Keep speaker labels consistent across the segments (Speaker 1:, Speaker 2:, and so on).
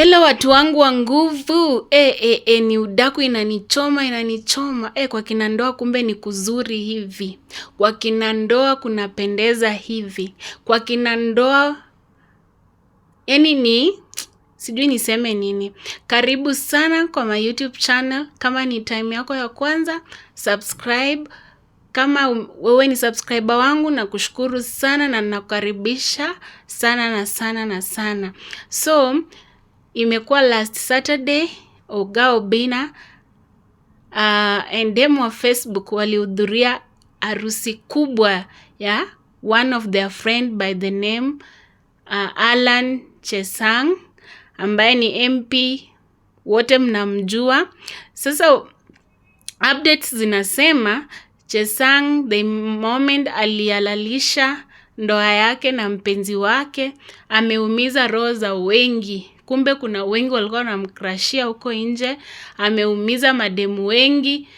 Speaker 1: Hello watu wangu wa nguvu e, e, e, ni udaku inanichoma inanichoma e, kwa kina ndoa kumbe ni kuzuri hivi, kwa kina ndoa kunapendeza hivi, kwa kina ndoa yani ni sijui niseme nini. Karibu sana kwa my YouTube channel. Kama ni time yako ya kwanza subscribe. Kama wewe ni subscriber wangu, nakushukuru sana na nakukaribisha sana na sana na sana so imekuwa last Saturday Ogao Bina uh, endemu wa Facebook walihudhuria harusi kubwa ya one of their friend by the name uh, Alan Chesang ambaye ni MP, wote mnamjua. Sasa updates zinasema Chesang the moment alialalisha ndoa yake na mpenzi wake ameumiza roho za wengi kumbe kuna wengi walikuwa wanamkrashia huko nje, ameumiza mademu wengi.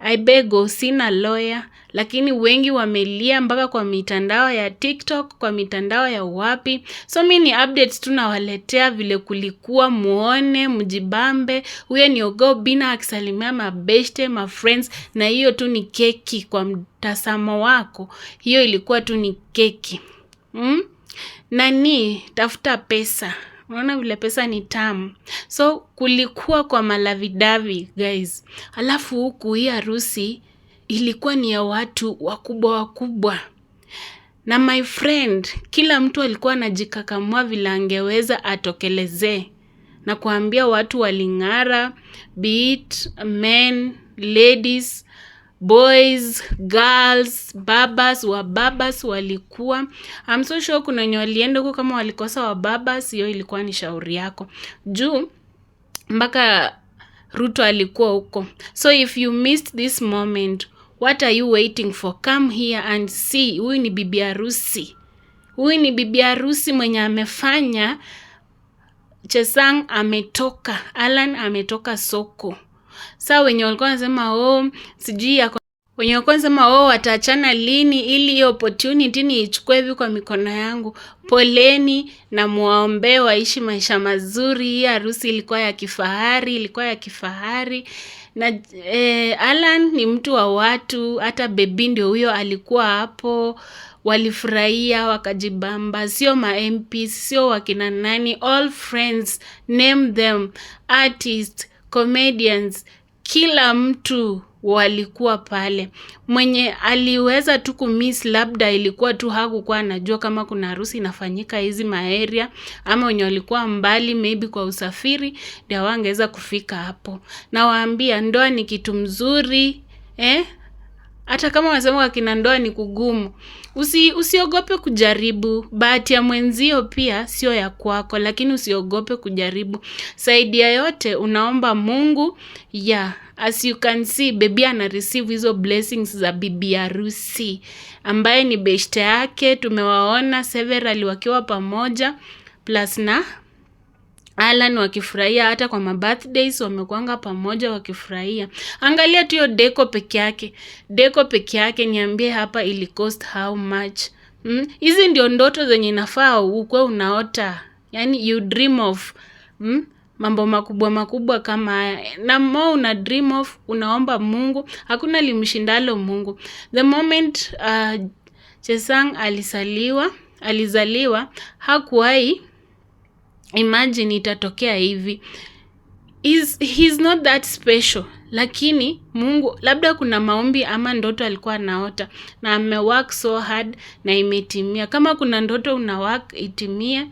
Speaker 1: I beg sina lawyer, lakini wengi wamelia mpaka kwa mitandao ya TikTok, kwa mitandao ya wapi. So mi ni updates tu nawaletea vile kulikuwa, muone mjibambe. Huyo ni Ogo Bina akisalimia mabeshte, mafriends, na hiyo tu ni keki kwa mtazamo wako, hiyo ilikuwa tu ni keki mm? Nani tafuta pesa Unaona vile pesa ni tamu. So kulikuwa kwa malavidavi guys. Alafu huku hii harusi ilikuwa ni ya watu wakubwa wakubwa. Na my friend, kila mtu alikuwa anajikakamua vile angeweza atokelezee na kuambia watu waling'ara, beat men, ladies boys, girls, babas, wababas walikuwa. I'm so sure kuna wenye walienda huko kama walikosa wa babas hiyo ilikuwa ni shauri yako. Juu mpaka Ruto alikuwa huko. So if you missed this moment, what are you waiting for? Come here and see. Huyu ni bibi harusi. Huyu ni bibi harusi mwenye amefanya Chesang ametoka, Alan ametoka soko saa wenye walikuwa wanasema oh, sijui yako wenye walikuwa wanasema oh, wataachana lini ili hiyo opportunity niichukue hivi kwa mikono yangu. Poleni na muwaombee waishi maisha mazuri. Hii harusi ilikuwa ya kifahari, ilikuwa ya kifahari na eh, Alan ni mtu wa watu, hata bebi ndio huyo alikuwa hapo. Walifurahia wakajibamba, sio ma MP, sio wakina nani, all friends name them artists comedians, kila mtu walikuwa pale. Mwenye aliweza tu kumiss labda ilikuwa tu hakukuwa anajua kama kuna harusi inafanyika hizi maeria, ama wenye walikuwa mbali maybe kwa usafiri ndio wangeweza kufika hapo. Nawaambia ndoa ni kitu mzuri eh? Hata kama wanasema kwa ndoa ni kugumu, usi, usiogope kujaribu. Bahati ya mwenzio pia sio ya kwako, lakini usiogope kujaribu. saidi ya yote unaomba Mungu. Yeah, as you can see bebi ana receive hizo blessings za bibi harusi ambaye ni beshte yake. Tumewaona several wakiwa pamoja plus na Alan wakifurahia hata kwa mabirthdays wamekuanga pamoja wakifurahia. Angalia tu hiyo deco peke yake, deco peke yake, niambie hapa ili cost how much? Hmm? Hizi mm? Ndio ndoto zenye nafaa ukwe unaota, yani you dream of mm? Mambo makubwa makubwa kama haya, na mo una dream of, unaomba Mungu, hakuna limshindalo Mungu. The moment uh, Chesang alisaliwa alizaliwa hakuwahi imagine itatokea hivi hiis not that special lakini Mungu labda kuna maombi ama ndoto alikuwa anaota na amework so hard na imetimia. Kama kuna ndoto una work itimie,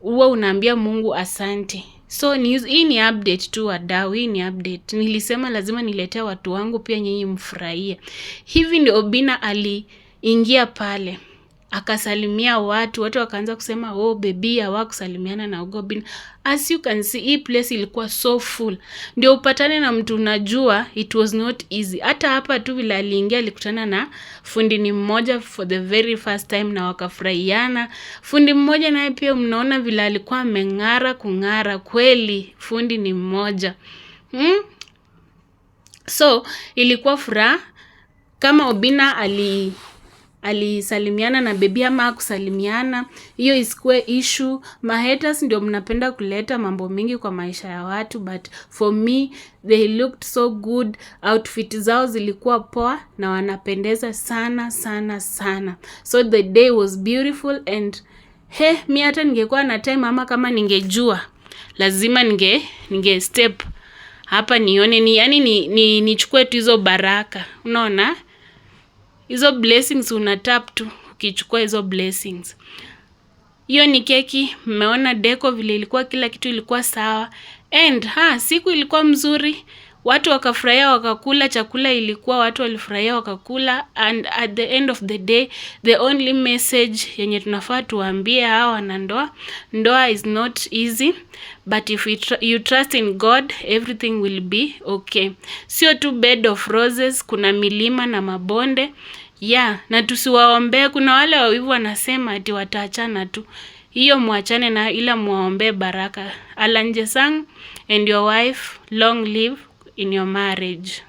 Speaker 1: huwa unaambia Mungu asante. So hii ni update tu wadau, hii ni update. Nilisema lazima niletea watu wangu pia nyinyi mfurahie. Hivi ndio obina aliingia pale akasalimia watu, watu wakaanza kusema oh, bebi kusalimiana na Ugobin. As you can see, hii place ilikuwa so full, ndio upatane na mtu unajua, it was not easy. Hata hapa tu vile aliingia, alikutana na fundi ni mmoja for the very first time na wakafurahiana. Fundi mmoja naye pia, mnaona vile alikuwa ameng'ara kung'ara kweli, fundi ni mmoja hmm? So ilikuwa furaha kama Obina ali alisalimiana na bebi ama kusalimiana, hiyo isikuwe issue. Mahaters ndio mnapenda kuleta mambo mingi kwa maisha ya watu, but for me they looked so good. Outfit zao zilikuwa poa na wanapendeza sana sana sana, so the day was beautiful and he, mi hata ningekuwa na time ama kama ningejua lazima ninge ninge step hapa nione ni yani nichukue ni, tu hizo baraka, unaona hizo blessings una tap tu ukichukua hizo blessings. Hiyo ni keki, mmeona deco vile ilikuwa, kila kitu ilikuwa sawa and ha, siku ilikuwa mzuri watu wakafurahia wakakula, chakula ilikuwa watu walifurahia wakakula, and at the end of the day the only message yenye tunafaa tuwaambie hawa wanandoa, ndoa is not easy but if you, tr you trust in God everything will be okay. Sio tu bed of roses, kuna milima na mabonde ya yeah, na tusiwaombee. Kuna wale wawivu wanasema ati wataachana tu, hiyo mwachane na, ila mwaombee baraka. alanjesang and your wife long live in your marriage.